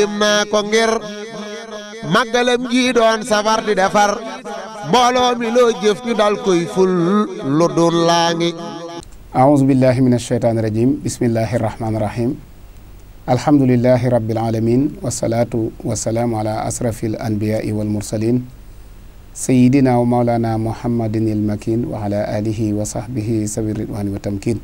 tiim ko ngir màggalam gi doon safar di defar mbooloo loo jëf ñu dal koy ful lu dul laa ngi aouzu billahi min asheytaani rajim bismillahi rahmaani rahim alhamdulilahi rabbil alamin wasalaatu wasalaamu ala asrafi al anbiyaai wal mursalin sayidina wa maulana muhammadin il makin wa ala wa sahbihi sabi ridwani wa tamkin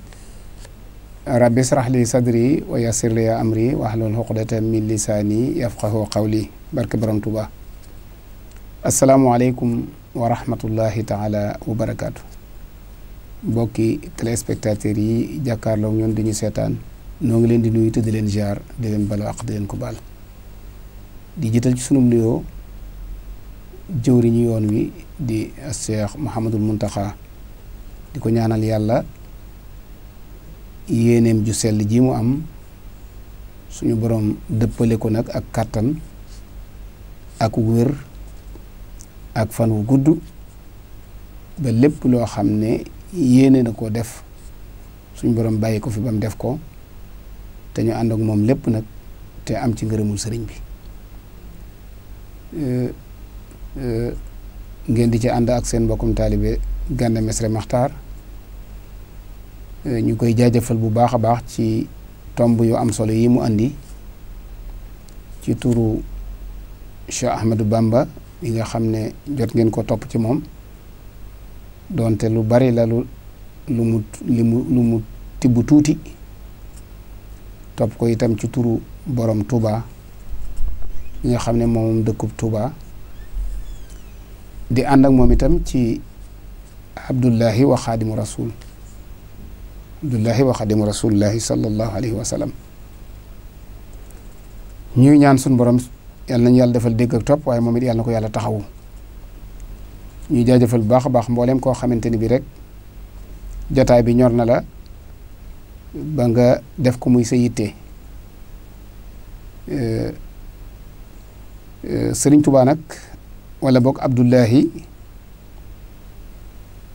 rabbi israh li sadri wa yassir li amri wahlul uqdatan min lisaani yafqahu qawli barke borom Tuuba asalaamualeykum wa rahmatullahi taala wa barakaatu mbokki téléspectateurs yi jàkkaarloo ñoom dañu seetaan noo ngi leen di nuyu te di leen ziar di leen bala ak di leen ko baal di jiital ci sunum nuyoo ñu yoon wi di Cheikh Mouhamadul Muntaxa di ko ñaanal yàlla yéeneem ju sell jii mu am suñu boroom dëppale ko nag ak kàttan ak wér ak fan wu gudd ba lépp loo xam ne yéene na ko def suñu boroom bàyyi ko fi ba mu def ko te ñu ànd ak moom lépp nag te am ci ngërëmul sëriñ bi euh, euh, ngeen di ci ànd ak seen mbokkum taalibe Gana Messere Maxtaar Euh, ñu koy jaajëfal bu baax a baax ci tomb yu am solo yi mu andi ci turu Cheikh Ahmadou Bamba yi nga xam ne jot ngeen ko topp ci moom donte lu bari la lu lu mu li mu lu mu tibb tuuti topp ko itam ci turu borom tubaa yi nga xam ne moom dëkkub tubaa di àndak moom itam ci Abdullahi wa Xaadimu Rasul abdullahi wa xadimu rasulillahi sallallahu alayhi wa sallam ñuy ñaan suñu borom yal nañu yàlla defal dégg ak topp waaye moom it yàlla ko yàlla taxawu ñuy jaajëfal bu baax a baax mboolem koo xamante ni bi rek jataay bi ñor na la ba nga def ko muy sa yitte eh, eh, sëriñ Tuubaa nag wala boog Abdullahi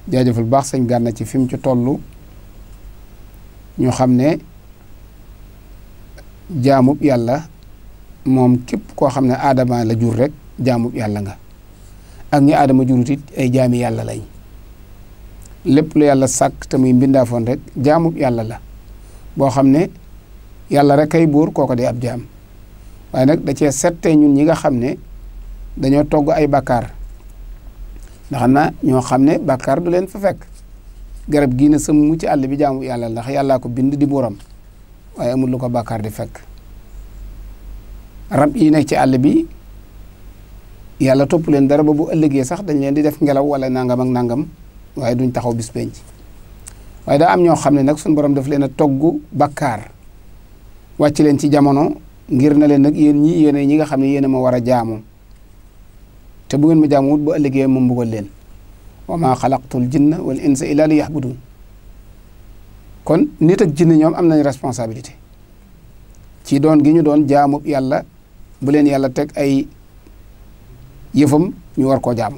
jaajëfal bu baax sëñ Gànna ci fi ci tollu ñu xam ne jaamub yàlla moom képp koo xam ne aadama la jur rek jaamub yàlla nga ak ñi aadama jurut it ay jaami yàlla lay lépp lu yàlla sàkk tamuy muy mbindaafoon rek jaamub yàlla la boo xam ne yàlla rek ay buur ko day ab jaam waaye nag da cee settee ñun ñi nga xam ne dañoo togg ay bàkkaar ndax na ñoo xam ne bàkkaar du leen fa fekk garab gii na sëmm ci àll bi jaamu yàlla ndax yàllaa ko bind di borom waaye amul lu ko bàkkaar di fekk rab yii nekk ci àll bi yàlla topp leen dara ba bu ëllëgee sax dañ leen di def ngelaw wala nangam ak nangam waaye duñ taxaw bis penc waaye daa am ñoo xam ne nag suñu borom daf leen a togg bàkkaar wàcc leen ci jamono ngir na leen nag yéen ñii yéen ñi nga xam ne yéen a ma war a jaamu te bu ngeen ma jaamuwut bu ëllëgee ma mbugal leen. wa maa xalaqtul jinna wal insa illa li yaxbudun kon nit ak jinne ñoom am nañ responsabilité ci doon gi ñu doon jaamub yàlla bu leen yàlla teg ay yëfam ñu war koo jaamu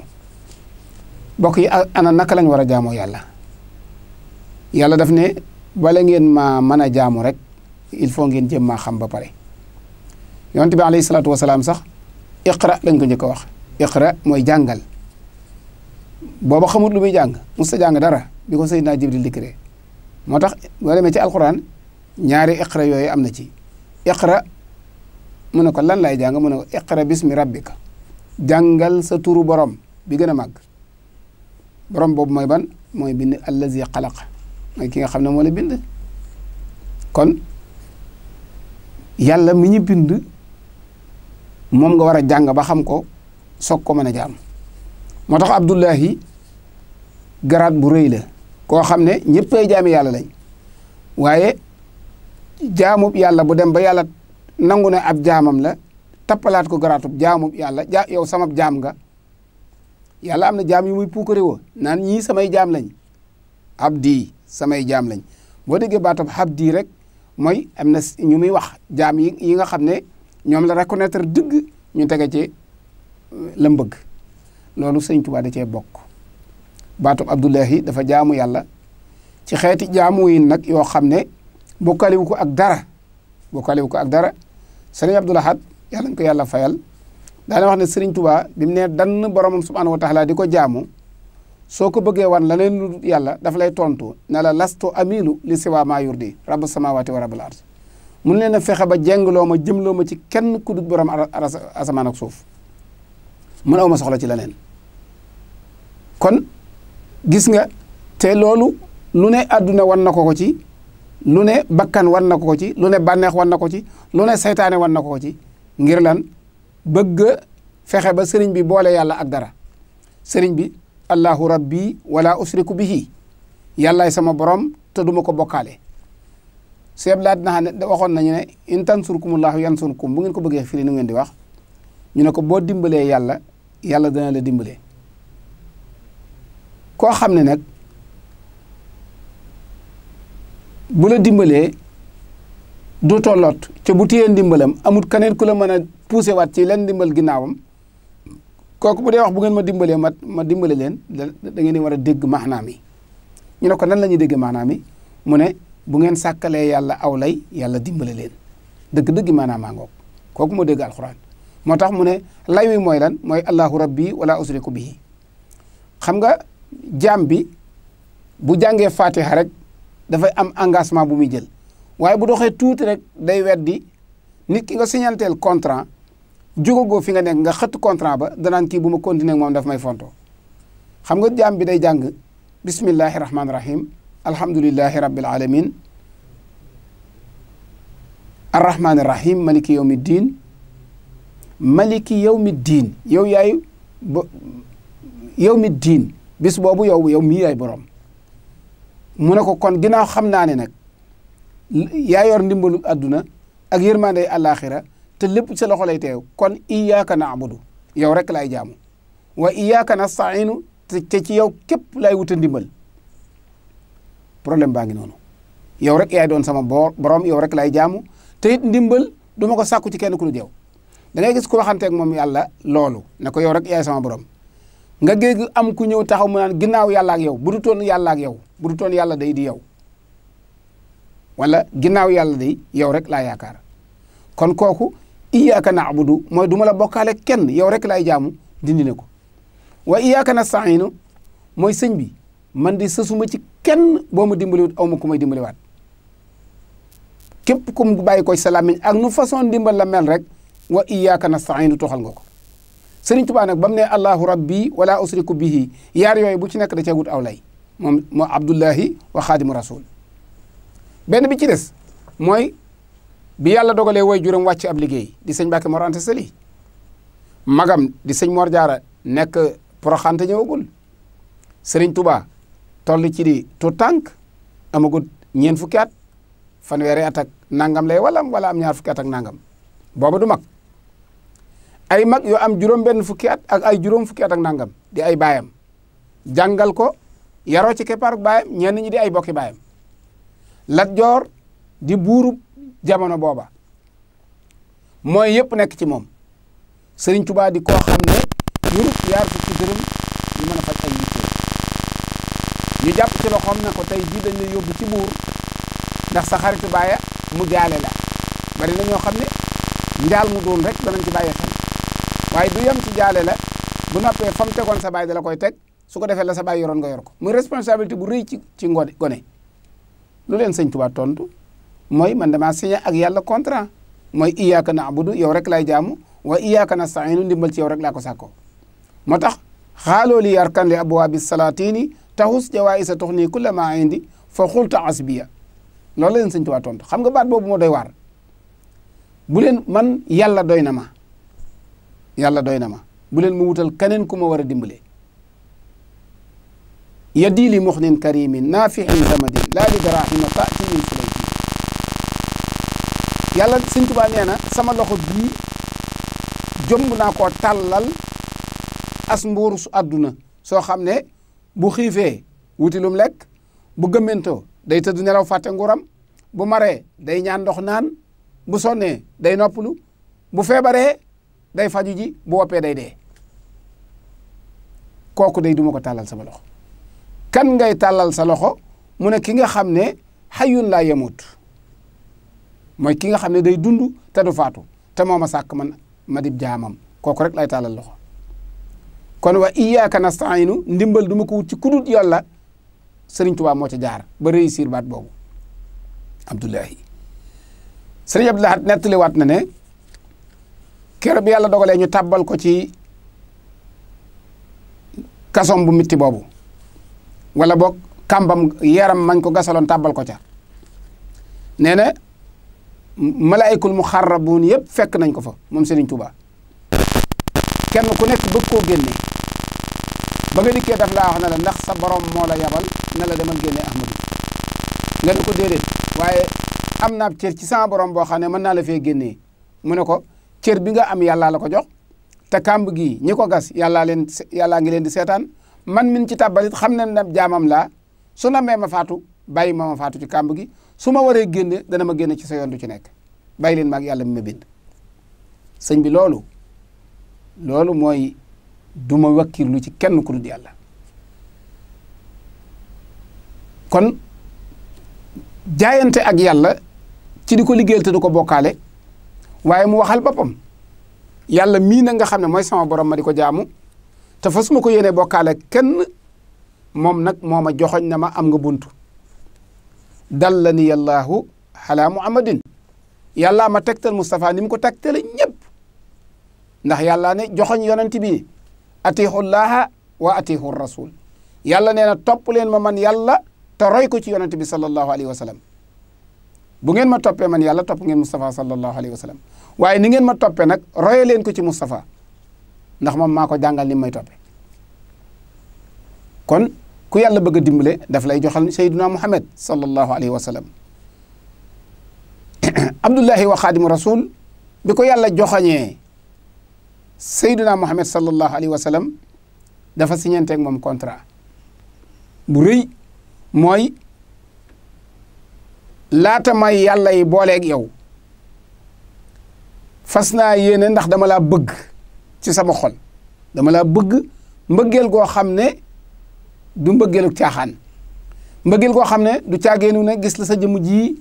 bokk yi ana naka lañ war a jaamoo yàlla yàlla daf ne bala ngeen maa mën a jaamu rek il faut ngeen jéem maa xam ba pare yonent bi alayhi salaatu wasalaam sax iqra lañ ko njëkk a wax iqra mooy jàngal booba xamut lu muy jàng sa jàng dara bi ko Seydina Jibril dikkiree moo tax boo demee ci alquran ñaari iqra yooyu am na ci iqra mu ne ko lan lay jàng mu ne ko iqra bismi rabbika jàngal sa turu borom bi gën a màgg borom boobu mooy ban mooy bind allazi xalaq mooy ki nga xam ne moo la bind kon yàlla mi ñu bind moom nga war a jàng ba xam ko soog ko mën a jaam moo tax Abdullahi garaat bu rëy la koo xam ne ñëppay jaami yàlla lañ waaye jaamub yàlla bu dem ba yàlla nangu ne ab jaamam la tappalaat ko garaatub jaamub yàlla ja yow sama jaam nga yàlla am na jaam yu muy puukare woo naan ñii samay jaam lañ abdi samay jaam lañ boo déggee baatab abdi rek mooy am na ñu muy wax jaam yi yi nga xam ne ñoom la reconnaître dëgg ñu tege ci euh, la loolu sëñ Tuubaa da cee bokk baatub Abdullahi dafa jaamu yàlla ci xeeti jaamu yi nag yoo xam ne bokkaliwu ko ak dara bokkaliwu ko ak dara sëriñ Abdul Ahad yàlla yàlla fayal daana wax ne sëriñ tubaa bi mu nee dann borom subhaanahu wa taala di ko jaamu soo ko bëggee wan la leen yàlla daf lay tontu na la lastu amilu li siwa maa yurdi rabbu samawati wa rabbul laat mun leen na fexe ba jengloo ma jëmloo ma ci kenn ku dut borom asamaan ak suuf mun aw ma soxla ci leneen kon gis nga te loolu lu ne àdduna wan na ko ko ci lu ne bakkan wan na ko ko ci lu ne bànneex wan na ko ci lu ne saytaane wan na ko ci ngir lan bëgg fexe ba sëriñ bi boole yàlla ak dara sëriñ bi allahu rabbi wala usriku bihi yàllaay sama borom te duma ko bokkaale seeb laa dina xam ne waxoon nañu ne in tansurkumullaahu yansurkum bu ngeen ko bëggee firi nu ngeen di wax ñu ne ko boo dimbalee yàlla yàlla dana la dimbalee koo xam ne nag bu la dimbalee du tolloot ca bu téyee ndimbalam amut keneen ku la mën a poussé waat ci lan ndimbal ginnaawam kooku bu dee wax bu ngeen ma dimbalee ma ma dimbale leen da dangeen di war a dégg maanaam yi ñu ne ko nan la ñuy dégg maanaam yi mu ne bu ngeen sàkkalee yàlla aw lay yàlla dimbale leen dëgg-dëgg maanaam maa ngoog kooku moo dégg alxuraan moo tax mu ne lay wi mooy lan mooy allahu rabbi wala usriku bihi xam nga jaam bi bu jàngee fatiha rek dafay am engagement bu muy jël waaye bu doxee tuuti rek day weddi nit ki nga signanteel contrat jugagoo fi nga nekk nga xëtt contrant ba danaan kii bu ma continuer moom daf may fonto xam nga jaam bi day jàng bismillahi rahmaani rahim alhamdulillahi rabbil alamin arrahmaani rahim maliki yawmi diin maliki yawmi diin yow yaay ba yawmi diin bis boobu yow yow mii yaay borom mu ne ko kon ginaaw xam naa ne nag yaa yor ndimbalu àdduna ak yërmandey àllaaxira te lépp ci sa loxo lay teew kon iyyaka na'budu yow rek laay jaamu wa iyyaka nasta'inu te ci yow képp laay wuta ndimbal problème baa ngi noonu yow rek yaay doon sama borom yow rek laay jaamu te it ndimbal du ma ko sàkku ci kenn ku dul yow da ngay gis ku waxanteeg moom yàlla loolu ne ko yow rek yaay sama borom nga géeg am ku ñëw taxaw mu naan ginnaaw yàlla ak yow bu du toon yàlla ak yow bu du toon yàlla day di yow wala ginnaaw yàlla day yow rek laa yaakaar kon kooku iyyaka na'budu mooy du ma la bokkaale kenn yow rek laay jaamu dindi na ko wa iyyaka nasta'inu mooy sëñ bi man di sësuma ci kenn boo ma dimbaliwut aw ma ku may dimbaliwaat képp kum bàyyi ko ci ak nu façon dimbal la mel rek wa iyyaka nasta'inu toxal nga ko sëriñ tubaa nag ba mu ne allahu rabbi wala usriku bihi yaar yooyu bu ci nekk da cee wut aw lay moom moo abdullahi wa xaadimu rasul benn bi ci des mooy bi yàlla dogalee woy juróom wàcc ab liggéey di sëñ Mbàkke Mor Anta Sali magam di sëñ Mor Jaara nekk poroxante ñëwagul sëriñ tubaa toll ci di tu tànk amagul ñeent fukki at fanweeri at ak nangam lay walam wala am ñaar fukki at ak nangam booba du ay mag yoo am juróom-benn fukki at ak ay juróom fukki at ak nangam di ay baayam jàngal ko yaroo ci keppaaruk baayam ñenn ñi di ay bokki baayam Lat Joor di buurub jamono booba mooy yëpp nekk ci moom Sëriñ Tuubaa di yurub yaar fukki dërëm ñu mën ay yitte ñu jàpp ci loxoom ne ko tey jii dañ la yóbbu ci buur ndax sa xaritu baaya mu jaale la bari na ñoo xam ne njaal mu doon rek danañ ci bàyyi xel waaye du yem ci jaale la bu noppee fa mu tegoon sa baay la koy teg su ko defee la sa baay yoroon nga yor ko muy responsabilité bu rëy ci ci ngone gone lu leen sëñ Tuubaa tontu mooy man damaa signé ak yàlla contrat mooy iyyaka na'budu yow rek lay jaamu wa na nasta'iinu ndimbal ci yow rek laa ko sàkkoo moo tax xaaloo li yarkan li abwaabi salaatini taxus jawaayisa tuxni kulla maa indi fa xulta asbiya loolu leen sëñ Tuubaa tontu xam nga baat boobu moo doy waar bu man yàlla doy na ma yàlla doy na ma bu leen ma wutal kaneen ku ma war a dimbale yadii li muxnin karimin naafiin zamadin laa li darahima taati min fulayti yàlla na sama loxo bii jomb naa koo tàllal as mbuuru su àdduna soo xam ne bu xiifee wuti lum lekk bu gëmmentoo day tëdd nelaw fàtte nguuram bu maree day ñaan ndox naan bu sonnee day noppalu bu day faju ji bu woppee day dee kooku day duma ko tàllal sama loxo kan ngay tàllal sa loxo mu ne ki nga xam ne xayun laa yemut mooy ki nga xam ne day dund te du faatu te moo ma sàkk man ma dib jaamam kooku rek lay tàllal loxo kon wa iyyaka nasta'inu ndimbal du ma ko wut ci kudut yàlla Sëriñ Tuubaa moo ca jaar ba réussir baat boobu Abdullahi Sëriñ Abdullah nettaliwaat na ne keroog yàlla dogalee ñu tabal ko ci kasom bu miti boobu wala boog kàmbam yaram mañ ko gasaloon tàbbal ko ca nee na malaayikul muxarrabuun yëpp fekk nañ ko fa moom Serigne Touba kenn ku nekk bëgg koo génne ba nga dikkee laa wax ne ndax sa borom moo la yabal ne la demal génne nga ne ko déedéet waaye am naa cër ci sama borom boo xam ne mën naa la fee génnee mu ne ko cër bi nga am yàllaa la ko jox te kàmb gi ñi ko gas yàllaa leen yàllaa ngi leen di seetaan man min ci tabbalit xam ne na jaamam laa su na mee ma faatu bay ma ma faatu ci kàmb gi su ma waree génne dana ma génne ci sa yoon du ci nekk bay leen maag yàlla mi ma bind sëñ bi loolu loolu mooy du ma wakkirlu ci kenn ku dul yàlla kon jaayante ak yàlla ci di ko liggéeyal te du ko bokkaale waaye mu waxal boppam yàlla mii na nga xam ne mooy sama borom ma di ko jaamu te fasuma ko yéene bokkaale kenn moom nag moo ma joxoñ na ma am nga buntu dalla ni yallaahu xalaa muhammadin yàllaa ma tegtal Moustapha ni mu ko tegtale ñëpp ndax yàllaa ne joxoñ yonent bi atiixu llaaha wa atiixu rasul yàlla nee na topp leen ma man yàlla te roy ko ci yonent bi sallallahu alayhi wa sallam bu ngeen ma toppee man yàlla topp ngeen Moustapha sallallahu alayhi wa waaye ni ngeen ma toppee nag roye leen ko ci Moustapha ndax moom maa ko jàngal ni may toppee kon ku yàlla bëgg a dimbale daf lay joxal sayyiduna Muhammad sallallahu alayhi wa sallam Abdullahi wa xaadimu rasul bi ko yàlla joxañee sayyiduna Muhammad sallallahu alayhi wa sallam dafa siñenteeg moom contrat bu mooy laata may yàlla yi booleeg yow fas naa yéene ndax dama la bëgg ci sama xol dama la bëgg mbëggeel goo xam ne du mbëggeelu caaxaan mbëggeel goo xam ne du caageenu ne gis la sa jëmm ji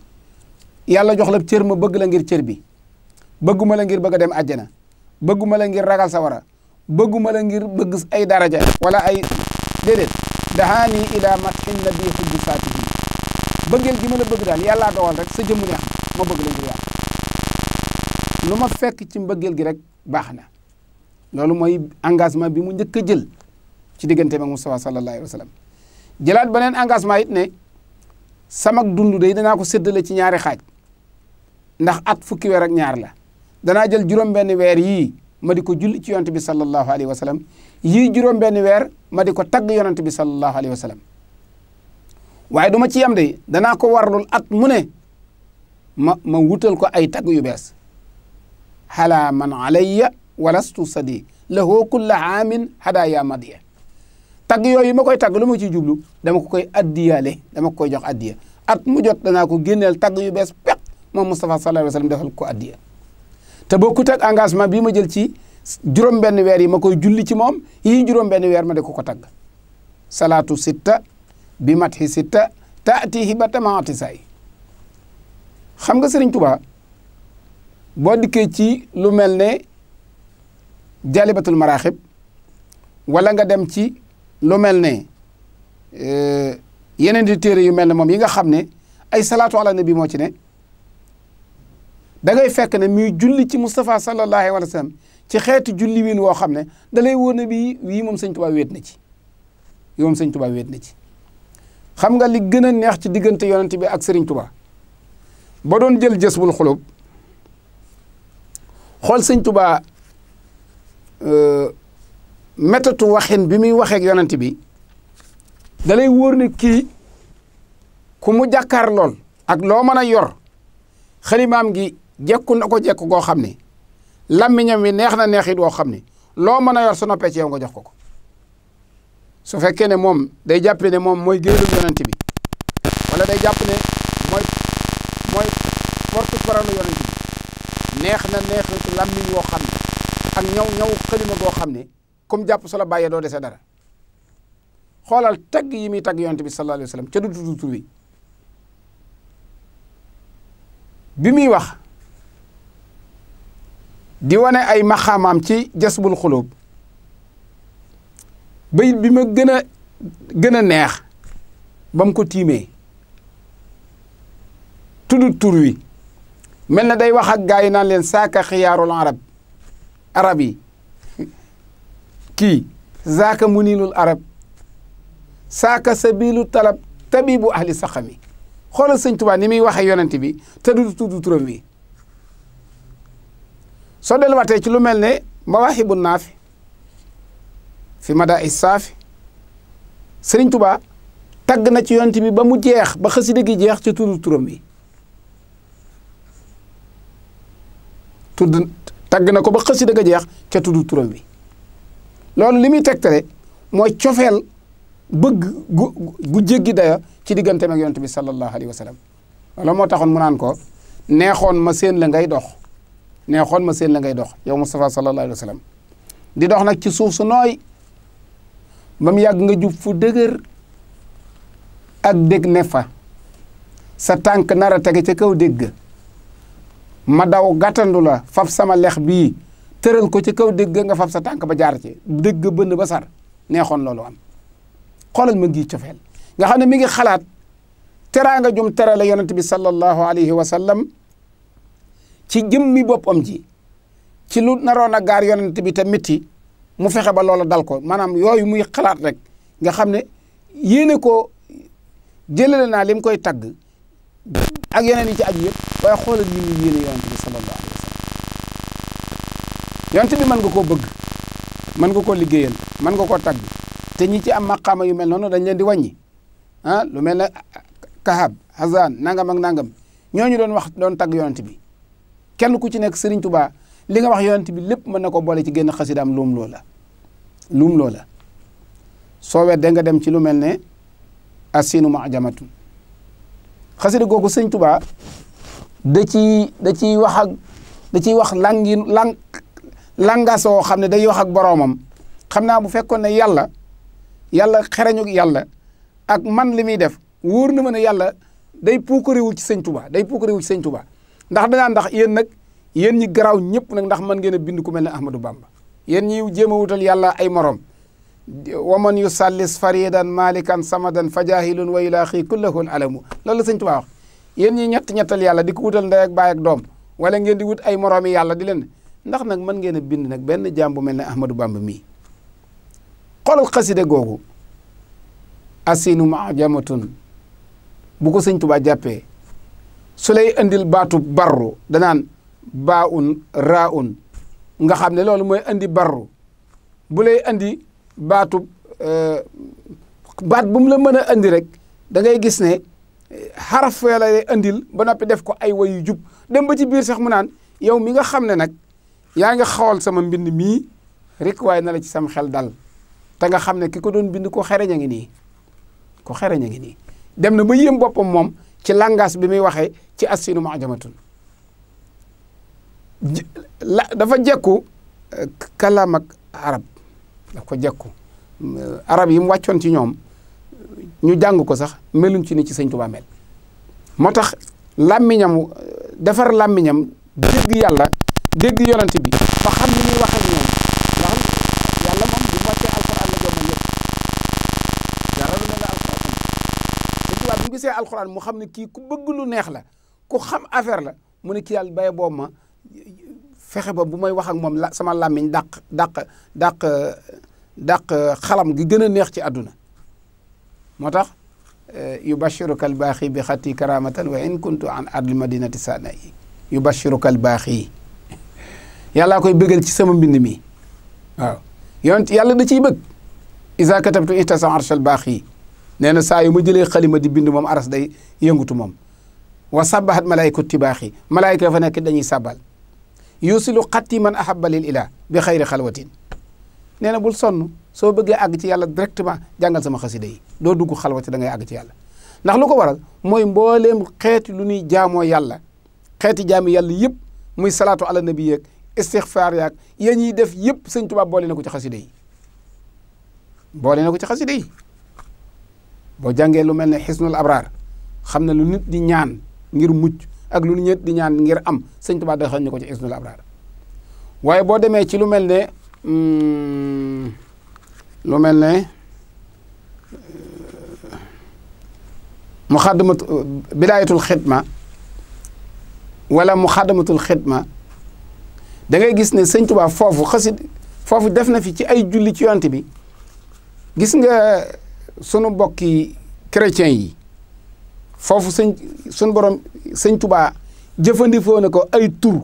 yàlla jox la cër ma bëgg la ngir cër bi bëgguma la ngir bëgg a dem àjjana bëgguma la ngir ragal sawara bëgguma la ngir bëgg ay daraja wala ay déedéet dahaani ila matxin nabi xuddi faatihi bëggeel gi ma la bëgg daal yàllaa dogal rek sa jëmm neex ma bëgg la ngir yàlla lu ma fekk ci mbëggeel gi rek baax na loolu mooy engagement bi mu njëkk a jël ci diggante ak Moustapha sallallahu alayhi wa sallam jëlaat beneen engagement it ne samak dund day danaa ko séddale ci ñaari xaaj ndax at fukki weer ak ñaar la danaa jël juróom-benn weer yii ma di ko julli ci yonent bi sallallahu alayhi wa sallam yii juróom-benn weer ma di ko tagg yonent bi sallallahu alayhi wa waaye du ci yem de danaa ko warlul at mu ne ma ma wutal ko ay tagg yu bees xalaa man alayya walastu sadi lahoo kulla aamin hadaaya madiya tagg yooyu ma koy tagg lu ma ciy jublu dama ko koy addiyaale dama ko koy jox addiya at mu jot danaa ko génneel tagg yu bees peq moom Moustapha sallallahu alayhi wa sallam defal ko addiya te bokkut ak engagement bii ma jël ci juróom benn weer yi ma koy julli ci moom yii juróom benn weer ma de ko ko tagg salaatu sitta bi mat xi si ta taatihi ba tamaati say xam nga sëriñ Tuubaa boo dikkee ci lu mel ne jalibatul maraaxib wala nga dem ci lu mel ne e, yeneen di téere yu mel ne moom yi nga xam ne ay salaatu ala nabi moo ci ne da ngay fekk ne muy julli ci Moustapha sallallahu alayhi wa sallam ci xeetu julli wiin woo xam ne dalay lay wóor ne wii moom sëñ Tuubaa wéet na ci yi moom sëñ Tuubaa wéet na ci xam nga li gën a neex ci diggante yonent bi ak Serigne Touba ba doon jël jës bul xulub xool Serigne Touba euh, métatu waxin bi muy waxee ak yonent bi da lay wóor ne kii ku mu jàkkaar lool ak loo mën a yor xalimaam gi jekku na ko jekk goo xam ne làmmiñam wi neex na neexit woo xam ne loo mën a yor su noppee ci yow nga jox ko ko su fekkee ne moom day jàppe ne moom mooy géwélu yonent bi wala day jàpp ne mooy mooy porte neex na neex làmmiñ woo xam ne ak ñaw ñaw xalima boo xam ne comme jàpp su la bàyyee doo dese dara xoolal tag yi muy tagg yonent bi sallallahu alayhi wa sallam ca du bi muy wax di wane ay maxaamaam ci jasbul xulóob bayit bi ma gën a gën a neex ba ko tiimee tudd tur wi mel na day wax ak gaa yi naan leen saaka xiyaarul arab arab yi kii zaaka muniilul arab saaka sabilu talab tabibu ahli saxami xoolal sëñ Tuubaa ni muy waxee yonent bi te du tudd wi soo delluwaatee ci lu mel ne mawaahibu naafi fi mada ay saafi sëriñ tubaa tagg na ci yonent bi ba mu jeex ba xasida gi jeex ca tudd turam bi tudd tagg na ko ba xasida ga jeex ca tudd turam bi loolu li muy tegtale mooy cofeel bëgg gu gu jéggi daya ci digganteem ak yonent bi sallallahu alayhi wa sallam loolu moo taxoon mu ko neexoon ma seen la ngay dox neexoon ma seen la ngay dox yow Moustapha sallallahu alayhi wa sallam di dox nag ci suuf ba mu yàgg nga jub fu dëgër ak dégg ne fa sa tànk nar a tege kaw dégg ma daw gàttandu la fab sama lex bii tëral ko ci kaw dégg nga fab sa tànk ba jaar ci dégg bënn ba sar neexoon loolu am xoolal ma ngi cofeel nga xam ne mi ngi xalaat teraanga jum terale yonent bi sallallahu alayhi wa sallam ci jëmmi boppam ji ci lu naroon a gaar yonent bi te métti mu fexe ba loola dal ko maanaam yooyu muy xalaat rek nga xam ne yéene koo jëlale naa li mu koy tagg ak yeneen yi ci aju yëpp waaye xoolal yi ñu yéene bi wa sallam yonent bi mën nga koo bëgg mën nga koo liggéeyal mën nga koo tagg te ñi ci am maqaama yu mel noonu dañ leen di wàññi ah lu mel ne Kahab Hazan nangam ak nangam ñooñu doon wax doon tagg yonent bi kenn ku ci nekk Serigne Touba. li nga wax yonent bi lépp mën na ko boole ci génn xasidaam luum loola luum loola soo weddee nga dem ci lu mel ne asinu majamatun xasida googu sëñ tubaa da ci da ciy wax ak da ciy wax langi lang langasoo xam ne day wax ak boroomam xam naa bu fekkoon ne yàlla yàlla xereñu yàlla ak man li muy def wóor na ma ne yàlla day puukariwu ci sëñ tubaa day puukariwu ci sëñ ndax danaa ndax yéen yéen ñi garaaw ñëpp nag ndax mën ngeen a bind ku mel ne Ahmadou Bamba yéen ñi jéem a wutal yàlla ay morom waman yu sallis faridan malikan samadan fajahilun wa ilaaxi kullahun alamu loolu la sëñ Tuubaa wax yéen ñi ñett ñettal yàlla di ko wutal ndey ak doom wala ngeen diwut ay moroomi yàlla di leen ndax nag mën ngeen a bind nag benn jaam bu mel ne Ahmadou Bamba mii xoolal xaside googu asinu maajamatun bu ko sëñ Tuubaa jàppee baatu barru baa un raa un nga xam ne loolu mooy indi barru bu lay baatu euh, baat bu mu la mën a andi rek da ngay gis ne eh, xaraf la lay andil ba noppi def ko ay wayu jub dem ba ci biir sax mu naan yow mi nga xam ne nag yaa nga xawal sama mbind mii rek waaye na la ci sam xel dal te nga xam ne ki ko doon bind ko xereñ a ngi nii ko xereñ ngi nii dem na ba yéem boppam moom ci langage bi muy waxee ci assinu mu'jamatun la dafa jekku eh, kalaam ak arab daf ko jekku arab yi mu wàccoon ci ñoom ñu jàng ko sax meluñ ci ni ci sëñ moo tax làmmiñam defar làmmiñam dégg yàlla dégg yonent bi ba xam ni muy ñoom ndax yàlla moom bu wàccee alxuraan la jox na ñëpp dara lu mel ne alxuraan sëñ Tuubaa bu gisee alxuraan mu xam ne kii ku bëgg lu neex la ku xam affaire la mu ne kii yàlla baye boobu ma fexe ba bu may wax ak moom la sama làmmiñ dàq dàq dàq dàq xalam gi gën a neex ci àdduna moo tax eh, yubashiruka al baaxi bi xatti karamatan wa in kuntu an adli madinati sana yi yubashiruka al baaxi yàllaa koy bëggal ci sama mbind mi waaw yonent yàlla da ciy bëgg isa katabtu intasa arshal baaxi nee na saa yu ma jëlee xalima di bind moom aras day yëngutu moom wa sabahat malaykatu tibaaxi malayka fa nekk dañuy sabal lu xatti man ahabba lil ilah bi xayri xalwatin nee na bul sonn soo bëggee àgg ci yàlla directement jàngal sama xasida yi doo dugg xalwati da ngay àgg ci yàlla ndax lu ko waral mooy mbooleem xeeti lu ñuy jaamoo yàlla xeeti jaami yàlla yëpp muy salaato ala nabi yeeg istixfaar yaag ya ñuy def yëpp sëñ Tuubaa boole na ko ci xasida yi boole na ko ci xasida boo jàngee lu mel ne xisnul abraar xam ne lu nit di ñaan ngir mucc ak lu nu di ñaan ngir am sëñ Tuubaa da xañ ñu ko ci isnul abraar waaye boo demee ci lu mel ne hmm, lu mel ne eh, muxaddamatu bidaayatul xidma wala muxaddamatul xidma da ngay gis ne sëñ Tuubaa foofu xasit def na fi ci ay julli ci yonte bi gis nga sunu mbokki chrétien yi foofu sëñ suñ borom sëñ tubaa jëfandikoo na ko ay tur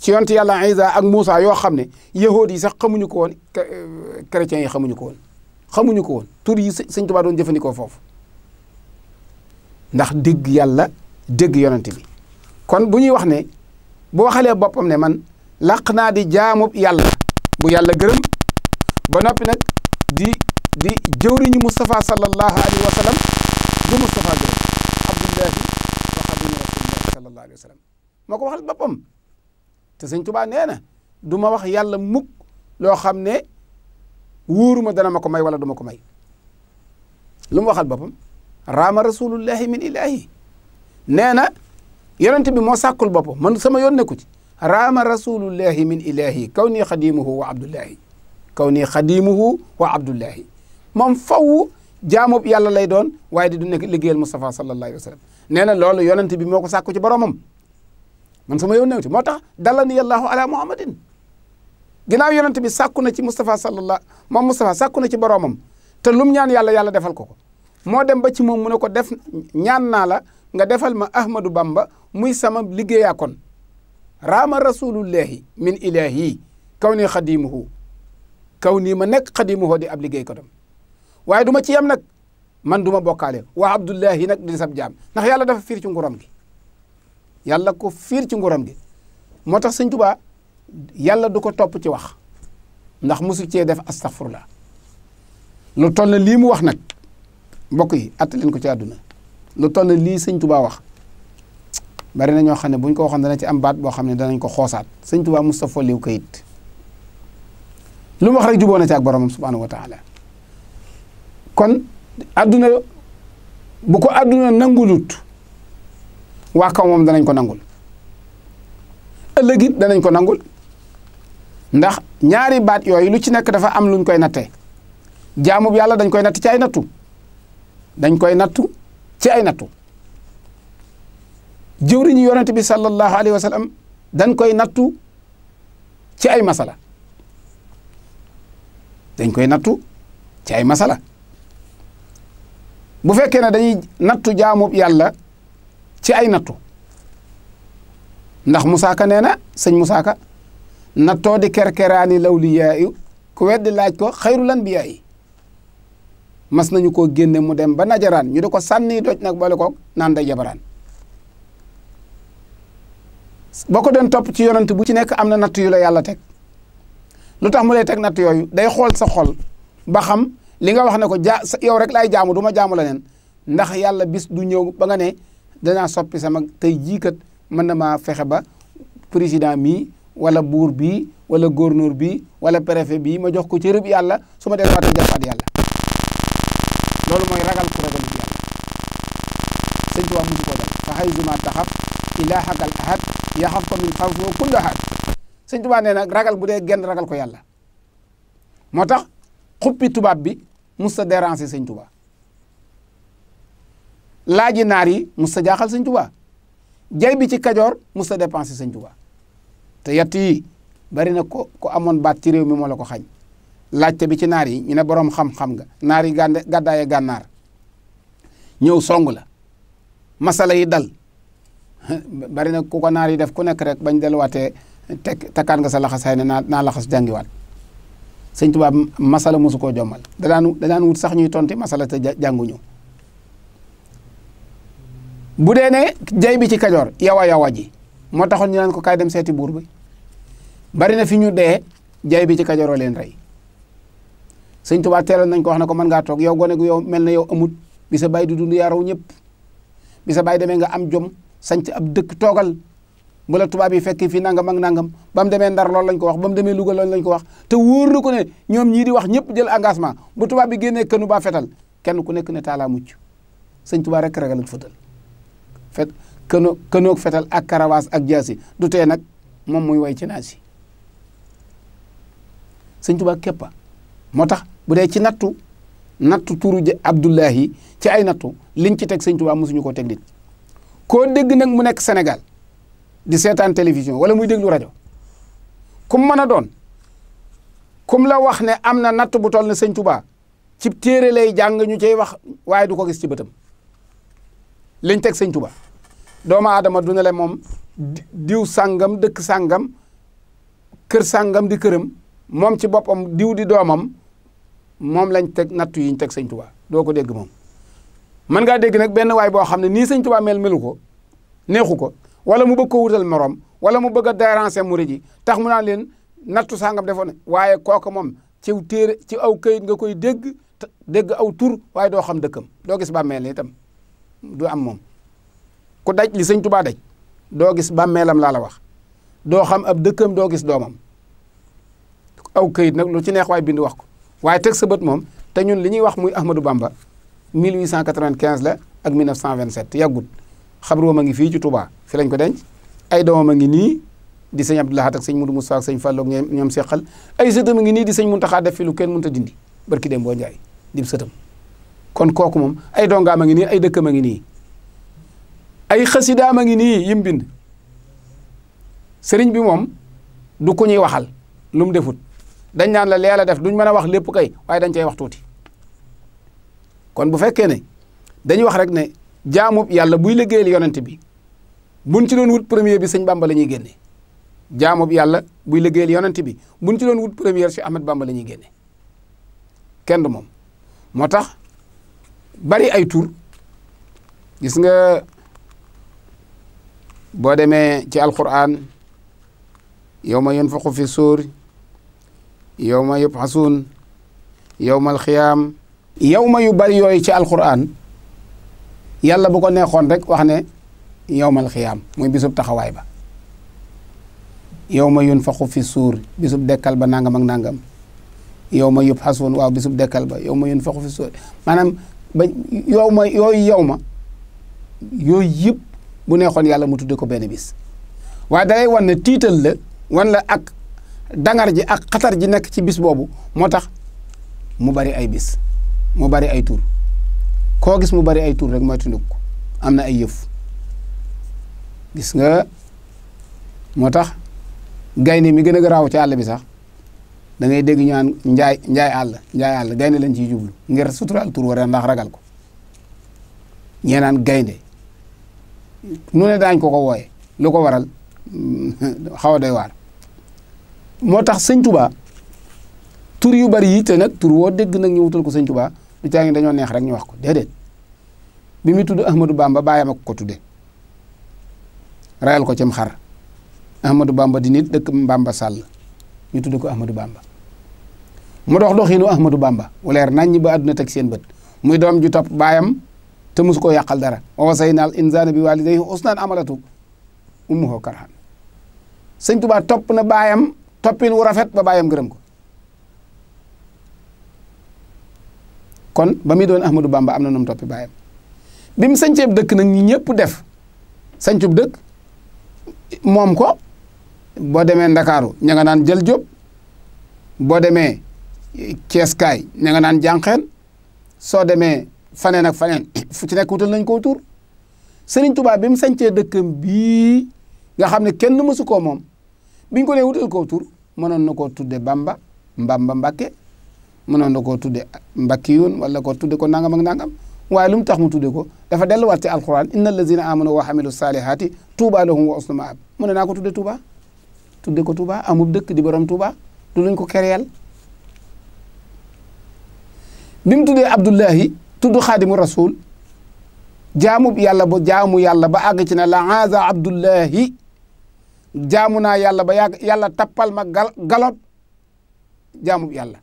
ci yonent yàlla Isa ak Moussa yoo xam ne yahood yi sax xamuñu ko woon chrétiens yi xamuñu ko woon xamuñu ko woon tur yi sëñ tubaa doon jëfandikoo foofu ndax dégg yàlla dégg yonent bi kon bu ñuy wax ne bu waxalee boppam ne man làq naa di jaamub yàlla bu yàlla gërëm ba noppi nag di di jëwriñu Moustapha sallallahu alayhi wa sallam bu Moustapha abdullahi wa xadimi rasulillahi sallallahu alayhi wa sallam moo ko waxal boppam te sëñ tubaa nee na du ma wax yàlla mukk loo xam ne wóoruma dana ma ko may wala du ko may lu mu waxal boppam raama rasulullahi min ilahi nee na yonent bi moo sàkkul boppam man sama yoon nekku ci raama rasulullahi min ilahi kaw nii xadimuhu wa abdullahi kaw nii xadimuhu wa le moom faw jaamub yàlla doon waaye di du nekk liggéeyal Mustafa sallallahu alayhi nee na loolu yonent bi moo ko sàkku ci boromam man sama yoon new ci moo tax dalla ni yàllaahu ala muhammadin ginnaaw yonent bi sàkku na ci Moustapha sallallahu moom Moustapha sàkku na ci boromam te lum ñaan yàlla yàlla defal ko ko moo dem ba ci moom mu ne ko def ñaan naa la nga defal ma Ahmadou Bamba muy sama liggéeyaa kon raama rasulullahi min ilahi kaw nii xadimuhu kaw nii ma nekk xadimuhu di ab liggéey ko dem waaye du ma ci yem nag man du ma bokkaale waa abdullahi nag di sab ndax yàlla dafa fiir ci nguram gi yàlla ko fiir ci nguram gi moo tax sëñ Tuubaa yàlla du ko topp ci wax ndax mosu cee def astaghfirullah lu toll na lii mu wax nag mbokk yi atta leen ko ci àdduna lu toll lii sëñ Tuubaa wax bari na ñoo xam ne buñ ko waxoon dana ci am baat boo xam ne danañ ko xoosaat sëñ Tuubaa mosu ta folliw kayit lu mu wax rek juboo na ci boromam subhaanahu wa kon adduna bu ko adduna nangulut waa kaw moom danañ ko nangul ëllëg it danañ ko nangul ndax ñaari baat yooyu lu ci nekk dafa am luñ koy natte jaamub yàlla dañ koy natt ci ay nattu dañ koy nattu ci ay nattu jëwriñu yonent bi sallallahu alayhi wa sallam dañ koy nattu ci ay masala dañ koy nattu ci ay masala bu fekkee ne dañuy nattu jaamu yàlla ci ay nattu ndax Moussa Ka nee na sëñ Moussa Ka nattoo di kerkeraani lawliyaa yi ku weddi laaj ko xayrul anbiyaa yi mas nañu koo génne mu dem ba najaraan ñu di ko sànni doj nag boole ko naan day jabaraan boo ko doon topp ci yonent bu ci nekk am na natt yu la yàlla teg lu tax mu lay teg natt yooyu day xool sa xol ba xam li nga wax ne ko ja yow rek laay jaamu du ma jaamu la neen ndax yàlla bis du ñëw ba nga ne danaa soppi sama tey jiikat kat mën na ma fexe ba prisident mii wala buur bii wala gouverneur bii wala préfet bii ma jox ko ci yàlla su ma delluwaatee jàppaat yàlla loolu mooy ragal ku ragal yàlla sëñ Tuubaa musu ko dal fa haysumaa taxaf ilaahaka al ahad yaxafka min xawfihi kullu ahad sëñ Tuubaa nee nag ragal bu dee genn ragal ko yàlla moo tax xuppi tubaab bi mus sa déranger sëñ Tuba laaji naar yi mus sa jaaxal Tuba jay bi ci Kajoor musa sa dépenser sëñ Tuba te yett bari na ko ko amoon baat ci réew mi moo la ko xañ laajte bi ci naar yi ñu ne boroom xam-xam nga naar yi gànde gàddaaye gànnaar ñëw song la masala yi dal bari na ku ko naar yi def ku nekk rek bañ delluwaatee tek takkaan nga sa laxasaay ne naa naa laxas jàngiwaat sëñ Tuubaa masala mosu koo jommal da daan wut sax ñuy tonti masala te jànguñu bu dee ne jay bi ci Kajoor yawa yawa ji moo taxoon ñu naan ko kaay dem seeti buur bi bari na fi ñu dee jay bi ci Kajoor leen rey sëñ Tuubaa teeloon nañ ko wax ne ko mën ngaa toog yow gone gu yow mel na yow amut bi sa baay di dund yaa raw ñëpp bi sa baay demee nga am jom sanc ab dëkk toogal bu la tubaab yi fi fii nangam ak nangam ba mu demee ndar loolu lañ ko wax ba mu demee Louga ko wax te wóor na ko ne ñoom ñii di wax ñëpp jël engagement bu tubaab bi génnee kënu ba fetal kenn ku nekk ne taalaa mucc sëñ tubaab rek ragal ak fetal fet këno kënoog fetal ak karawaas ak jaasi du tee nag moom muy way ci naas yi sëñ tubaab képpa moo tax bu dee ci nattu nattu turu Abdullahi ci ay nattu liñ ci teg sëñ tubaab mosuñu koo teg nit ko dégg nag mu nekk Sénégal di seetaan télévision wala muy déglu rajo kum mën a doon kum la wax ne am na natt bu toll na sëñ Tuubaa ci téere lay jàng ñu cay wax waaye du ko gis ci bëtam liñ teg sëñ Tuubaa doomu aadama du ne le moom diw sàngam dëkk sàngam kër sàngam di këram moom ci boppam diw di doomam moom lañ teg natt yi ñu teg sëñ doo ko dégg moom mën ngaa dégg nag benn waay boo xam ne nii sëñ Tuubaa mel melu ko neexu ko wala mu bëgg ko wutal moroom wala mu bëgg a déranger murid yi tax mu naan leen nattu sangam defoon ne waaye kook moom ci téere ci aw kayit nga koy dégg dégg aw tur waaye doo xam dëkkam doo gis bàmmeel itam du am moom ku daj li sëñ Tuubaa daj doo gis bàmmeelam laa wax doo xam ab dëkkam doo gis doomam aw kayit nag lu ci neex waaye bind wax ko waaye teg sa moom te ñun li ñuy wax muy Ahmadou Bamba 1895 la ak 1927 yàggut xabroom a ngi fii ci Touba fi lañ ko denc ay doomam a ngi nii di sëñ Abdou Lahad ak sëñ Modou Moussa ak sëñ Fallou ak ñoom seqal ay sëtam a ngi nii di sëñ Mountakha def fi lu kenn mënut a dindi barki dem boo njaay di sëtam kon kooku moom ay dongaam a ngi nii ay dëkk a ngi nii ay xasidaam a ngi nii yim sëriñ bi moom du ku ñuy waxal lu mu defut dañ naan la leela def duñ mën a wax lépp kay waaye dañ cay wax tuuti kon bu fekkee ne dañuy wax rek jaamub yàlla buy liggéeyal yonent bi buñ ci doon wut premier bi sëñ Bamba la ñuy génne jaamub yàlla buy liggéeyal yonent bi buñ ci doon wut première si Ahmed Bamba la ñuy kenn moom moo tax bari ay tur gis nga boo demee ci alquran yawma yunfaqu fi suur yawma yubxasuun yawma alxiyaam yow ma yu bari yooyu ci alquran yàlla bu ko neexoon rek wax ne yowmal xiyaam muy bisub taxawaay ba yowma yunfaxu fi suur bisub dekkal ba nangam ak nangam yowma yubxasuun waaw bisub dekkal ba yowma yunfaxu fi suur maanaam ba yowma yooyu yowma yooyu yëpp bu neexoon yàlla mu tudde ko benn bis waa dalay wan tiital la wan ak dangar ji ak xatar ji nekk ci bis boobu moo tax mu bari ay bis mu bari ay tuur koo gis mu bari ay tur rek moytandiku ko am na ay yëf gis nga moo tax gaynde mi gën a garaaw ci àll bi sax da dégg ñu naan njaay njaay àll njaay àll gaynde lañ ciy jublu ngir suturaal tur wala ndax ragal ko ñeenaan gaynde nu ne daañ ko ko wooye lu ko waral mm, xaw a doy waar moo tax sëñ Tuubaa tur yu bari yi te nag tur woo dégg nag ñu ko sëñ Tuubaa du caa dañoo neex rek ñu wax ko déedéet bi muy tudd Ahmadou Bamba baayam ak ko tudde rayal ko cim xar Ahmadou Bamba di nit dëkk Mbamba Sall ñu tudd ko Ahmadou Bamba mu dox doxiinu Ahmadou Bamba waleer nañ ñi ba àdduna teg seen bët muy doom ju topp baayam te mosu koo yàqal dara wa wasayna al insaana bi waalidayhi husnan amalatu ummuhu karhan sëñ Tuubaa topp na baayam toppin wu rafet ba baayam gërëm ko kon ba muy doon Ahmadou Bamba am na nu mu toppi baayam bi mu sañceeb dëkk nag ñi ñëpp def sañcub dëkk moom ko boo demee Ndakaaru ña nga naan jël jóob boo demee Ceeskaay ña nga naan jànqeen soo demee faneen ak faneen fu ci nekk wutal nañ koo tur Sëriñ Tuubaa bi mu sañcee dëkkam bii nga xam ne kenn mësu koo moom biñ ko nee wutal koo tur mënoon na koo tudde Bamba Mbamba Mbàkke mënoon na koo tudde mbakkiyun wala ko tudde ko nangam ak nangam waaye lu mu tax mu tudde ko dafa delluwaat ci alquran inna allazina amanu wa hamilu salihati tuuba lahum wa usnu maab mu ne naa ko tudde tuuba tudde ko tuba amub dëkk di borom tuuba du luñ ko keréyal bi mu tuddee abdullahi tudd xaadimu rasul jaamub yàlla ba jaamu yàlla ba àgg ci ne la aaza abdullahi jaamu naa yàlla ba yàlla tappal ma galot jaamub yàlla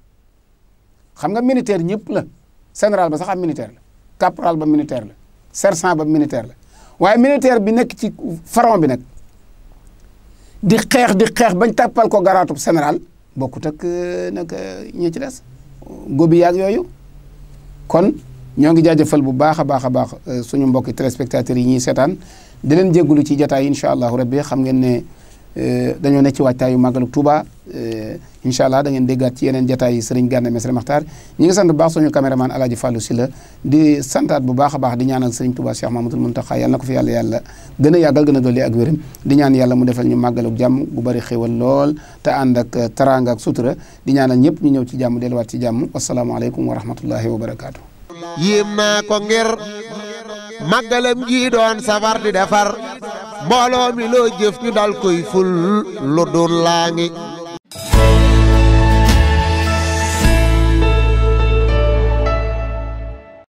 xam nga militaire ñëpp la général ba sax am militaire la caporal ba militaire la sergent ba militaire la waaye militaire bi nekk ci faron bi nag di xeex di xeex bañ tàppal ko garaatu général bokkut ak euh, nag euh, ñi ci des gobi yaag yooyu kon ñoo ngi jaajëfal bu baax a baax a baax euh, suñu mbokki téléspectateurs yi ñuy seetaan di leen jéggulu ci jataay incha allahu rabbi xam ngeen ne Euh, dañoo ne ci waajtaayu màggalu Touba euh, incha allah da déggaat ci yeneen jataay sëriñ Gana Messere Makhtar ñi ngi sant bu baax suñu caméraman Alaaji Fallou la di santaat bu baax a baax di ñaanal sëriñ Touba Cheikh Mahmadul Muntaxa yàlla na ko fi yàlla yàlla gën a yàggal gën a dolli ak wéram di ñaan yàlla mu defal ñu màggalu jàmm gu bari xéwal lool te ànd ak euh, teraanga sutura di ñaanal ñëpp ñu ñëw ci jàmm delluwaat ci jàmm wasalaamualeykum wa rahmatullahi wa barakaatu. yéem naa màggalam gi doon safar di defar mbooloo mi loo jëf ñu dal koy ful lu dul laa ngi